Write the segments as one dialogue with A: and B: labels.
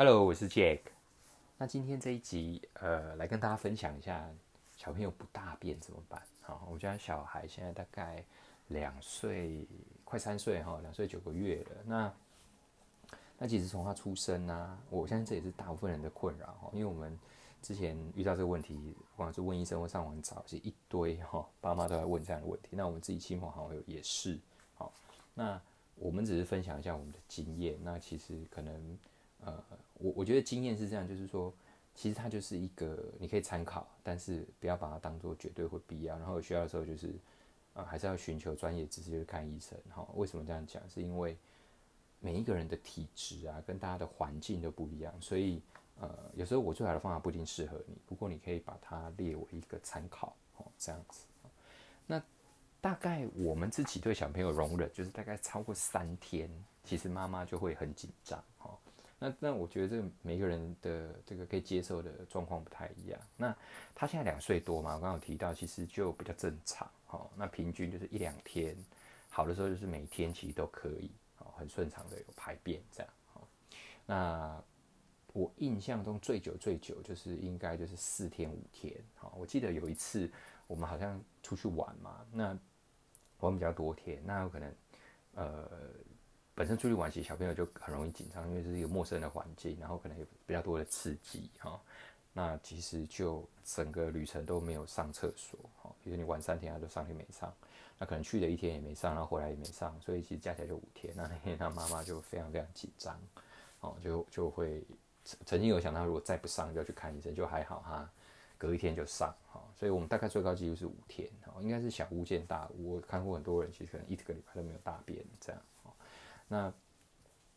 A: Hello，我是 Jack。那今天這一集，呃，來跟大家分享一下小朋友不大便怎麼辦？好，我家小孩現在大概兩歲，快三歲哈，兩歲九個月了。那那其實從他出生呢、啊，我相信這也是大部分人的困擾哈、哦。因為我們之前遇到這個問題，不管是問醫生或上網找，是一堆哈、哦，爸媽都在問這樣的問題。那我們自己親朋好友也是。好、哦，那我們只是分享一下我們的經驗。那其實可能。我我覺得經驗是這樣，就是說，其實它就是一個你可以參考，但是不要把它當做絕對會必要。然後有需要的時候，就是呃，還是要尋求專業知識，就是看醫生。哈，為什麼這樣講？是因為每一個人的體質啊，跟大家的環境都不一樣，所以呃，有時候我最好的方法不一定適合你。不過你可以把它列為一個參考，哦，這樣子。那大概我們自己對小朋友容忍，就是大概超過三天，其實媽媽就會很緊張，哦。那那我覺得這個每個人的這個可以接受的狀況不太一樣。那他現在兩歲多嘛，我剛有提到其實就比較正常，齁。那平均就是一兩天，好的時候就是每天其實都可以，好，很順暢的有排便這樣。那我印象中最久最久就是應該就是四天五天。好，我記得有一次我們好像出去玩嘛，那我們比較多天，那有可能呃。本身出去玩，其實小朋友就很容易緊張，因為這是一個陌生的環境，然後可能有比較多的刺激哈、哦。那其實就整個旅程都沒有上廁所哈、哦，比如你玩三天，他就三天沒上。那可能去了一天也沒上，然後回來也沒上，所以其實加起來就五天。那那天他媽媽就非常非常緊張，哦，就就會曾曾經有想到，如果再不上就要去看醫生，就還好哈，隔一天就上哈、哦。所以我們大概最高紀錄是五天哈、哦，應該是小巫見大巫。我看過很多人，其實可能一整個禮拜都沒有大便這樣。那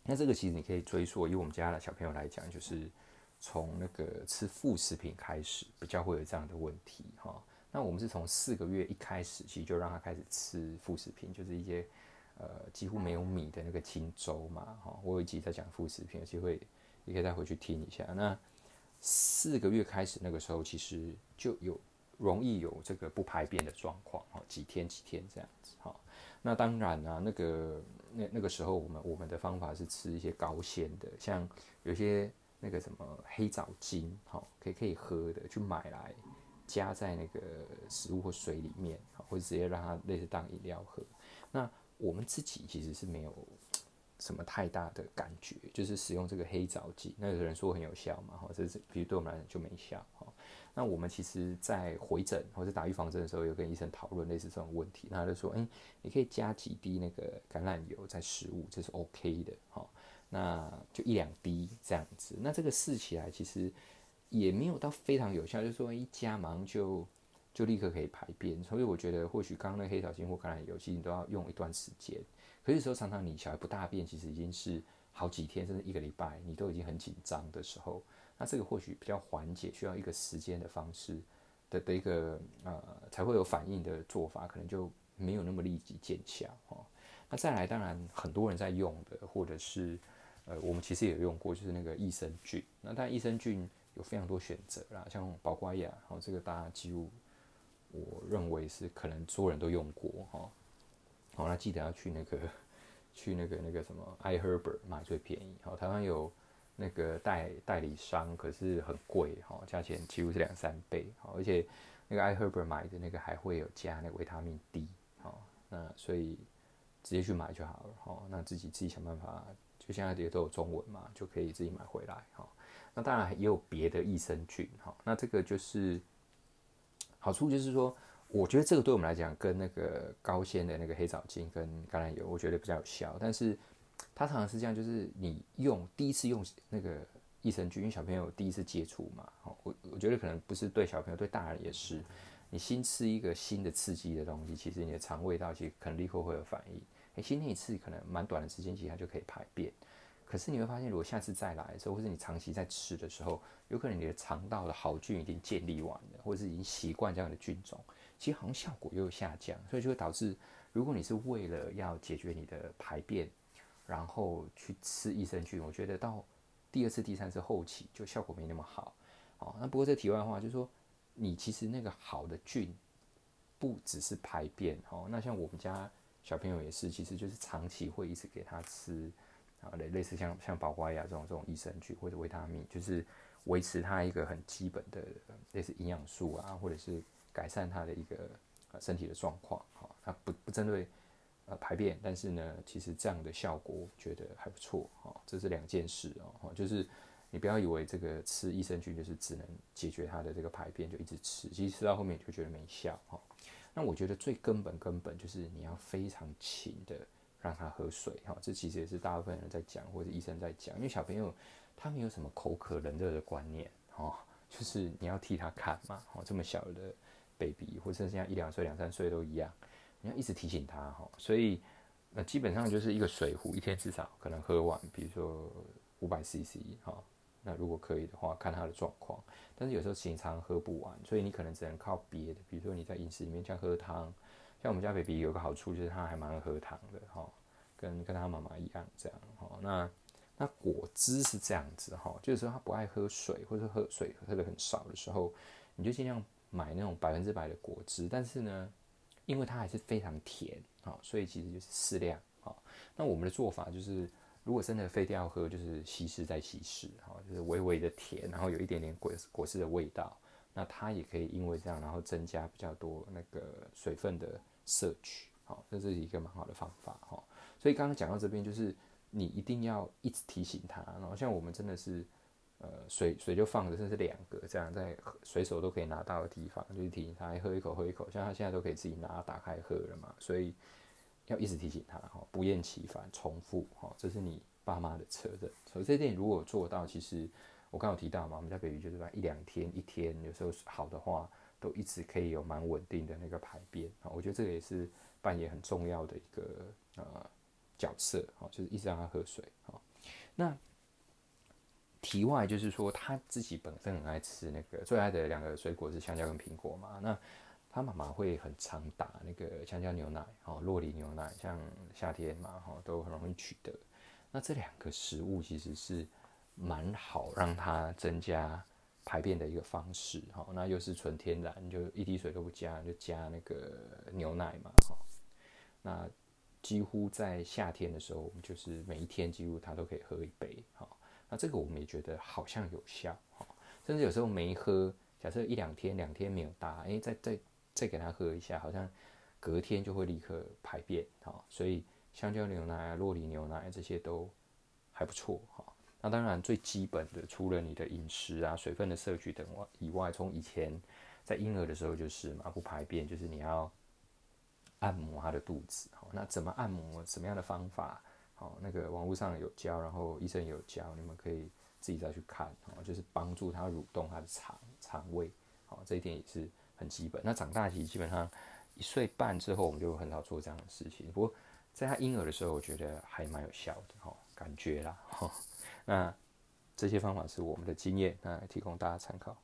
A: 那這個其實你可以追溯，以我們家的小朋友來講，就是從那個吃副食品開始，比較會有這樣的問題哈。那我們是從四個月一開始，其實就讓他開始吃副食品，就是一些呃幾乎沒有米的那個清粥嘛哈。我有一集在講副食品，有機會你可以再回去聽一下。那四個月開始那個時候，其實就有。容易有這個不排便的狀況，幾天幾天這樣子，那當然啊，那個那那個時候，我們我們的方法是吃一些高纖的，像有些那個什麼黑棗精，好，可以可以喝的，去買來加在那個食物或水裡面，啊，或者直接讓它類似當飲料喝。那我們自己其實是沒有。什麼太大的感覺，就是使用這個黑棗汁。那有的人說很有效嘛，哈，這是比如對我們來講就沒效，哈。那我們其實，在回診或者打預防針的時候，有跟醫生討論類似這種問題，那他就說，哎、嗯，你可以加幾滴那個橄欖油在食物，這是 OK 的，哈。那就一兩滴這樣子，那這個試起來其實也沒有到非常有效，就是說一加馬上就。就立刻可以排便，所以我覺得或許剛剛那黑小星或橄欖油，其實你都要用一段時間。可是時候常常你小孩不大便，其實已經是好幾天甚至一個禮拜，你都已經很緊張的時候，那這個或許比較緩解，需要一個時間的方式的的一個呃才會有反應的做法，可能就沒有那麼立即見效、哦、那再來，當然很多人在用的，或者是呃我們其實也用過，就是那個益生菌。那但益生菌有非常多選擇啦，像寶乖亞，然、哦、後這個大家幾乎。我認為是可能所有人都用過哦。好、哦，那記得要去那個去那個那個什麼 iHerb 買最便宜，好、哦，台灣有那個代代理商，可是很貴哈，價錢幾乎是兩三倍，好、哦，而且那個 iHerb 買的那個還會有加那個維他命 D，好、哦，那所以直接去買就好了，好、哦，那自己自己想辦法，就現在這些都有中文嘛，就可以自己買回來哈、哦，那當然也有別的益生菌哈、哦，那這個就是。好處就是說，我覺得這個對我們來講，跟那個高纖的那個黑棗精跟橄欖油，我覺得比較有效。但是它常常是這樣，就是你用第一次用那個益生菌，因為小朋友第一次接觸嘛，我我覺得可能不是對小朋友，對大人也是。你新吃一個新的刺激的東西，其實你的腸胃道其實可能立刻會有反應。哎，先那一次可能蠻短的時間，其實它就可以排便。可是你會發現，如果下次再來的時候，或者你長期在吃的時候，有可能你的腸道的好菌已經建立完了，或者是已經習慣這樣的菌種，其實好像效果又有下降，所以就會導致，如果你是為了要解決你的排便，然後去吃益生菌，我覺得到第二次、第三次後期就效果沒那麼好。哦，那不過這題外的話就是說，你其實那個好的菌不只是排便哦，那像我們家小朋友也是，其實就是長期會一直給他吃。啊，類類似像像寶瓜呀這種這種益生菌或者維他命，就是維持它一個很基本的類似營養素啊，或者是改善它的一個、呃、身體的狀況。好、哦，它不不針對呃排便，但是呢，其實這樣的效果我覺得還不錯。好、哦，這是兩件事哦，哦。就是你不要以為這個吃益生菌就是只能解決它的這個排便，就一直吃，其實吃到後面就覺得沒效。哈、哦，那我覺得最根本根本就是你要非常勤的。讓他喝水哈，這其實也是大部分人在講，或者是醫生在講，因為小朋友他沒有什麼口渴冷熱的觀念哈，就是你要替他看嘛，這麼小的 baby 或者像一兩歲兩三歲都一樣，你要一直提醒他哈，所以那基本上就是一個水壺一天至少可能喝完，比如說五百 CC 哈，那如果可以的話，看他的狀況，但是有時候經常喝不完，所以你可能只能靠別的，比如說你在飲食裡面像喝湯。像我們家 baby 有個好處，就是他還蠻愛喝糖的哈、哦，跟跟他媽媽一樣這樣哈、哦。那那果汁是這樣子哈、哦，就是他不愛喝水或者喝水喝的很少的時候，你就盡量買那種百分之百的果汁。但是呢，因為他還是非常甜啊、哦，所以其實就是適量啊、哦。那我們的做法就是，如果真的非得要喝，就是稀釋再稀釋哈，就是微微的甜，然後有一點點果果汁的味道，那他也可以因為這樣，然後增加比較多那個水分的。攝取，好，這是一個蠻好的方法，哈、哦。所以剛剛講到這邊，就是你一定要一直提醒他。然後像我們真的是，呃，水水就放着，甚至兩個這樣，在隨手都可以拿到的地方，就是提醒他喝一口，喝一口。像他現在都可以自己拿打開喝了嘛，所以要一直提醒他，哈、哦，不厭其煩，重複，哈、哦，這是你爸媽的責任。所以這點如果做到，其實我剛有提到嘛，我們在 baby 就是說一兩天，一天，有時候好的話。都一直可以有蠻穩定的那個排便啊，我覺得這個也是扮演很重要的一個、呃、角色啊，就是一直讓他喝水啊。那題外就是說他自己本身很愛吃那個，最愛的兩個水果是香蕉跟蘋果嘛，那他媽媽會很常打那個香蕉牛奶哦、酪梨牛奶，像夏天嘛哈，都很容易取得。那這兩個食物其實是蠻好讓他增加排便的一個方式，好，那又是純天然，就一滴水都不加，就加那個牛奶嘛，哈，那幾乎在夏天的時候，我們就是每一天幾乎他都可以喝一杯，哈，那這個我們也覺得好像有效，哈，甚至有時候沒喝，假設一兩天、兩天沒有打，哎、欸，再再再給他喝一下，好像隔天就會立刻排便，哈，所以香蕉牛奶、酪梨牛奶這些都還不錯，哈。那當然，最基本的除了你的飲食啊、水分的攝取等外，以外，從以前在嬰兒的時候，就是嘛，不排便，就是你要按摩他的肚子。好，那怎麼按摩？什麼樣的方法？好，那個網絡上有教，然後醫生有教，你們可以自己再去看。好，就是幫助他蠕動他的腸腸胃。好，這一點也是很基本。那長大其實基本上一歲半之後，我們就很少做這樣的事情。不過在他嬰兒的時候，我覺得還蠻有效的。哈，感覺啦。哈。那這些方法是我們的經驗，啊，提供大家參考。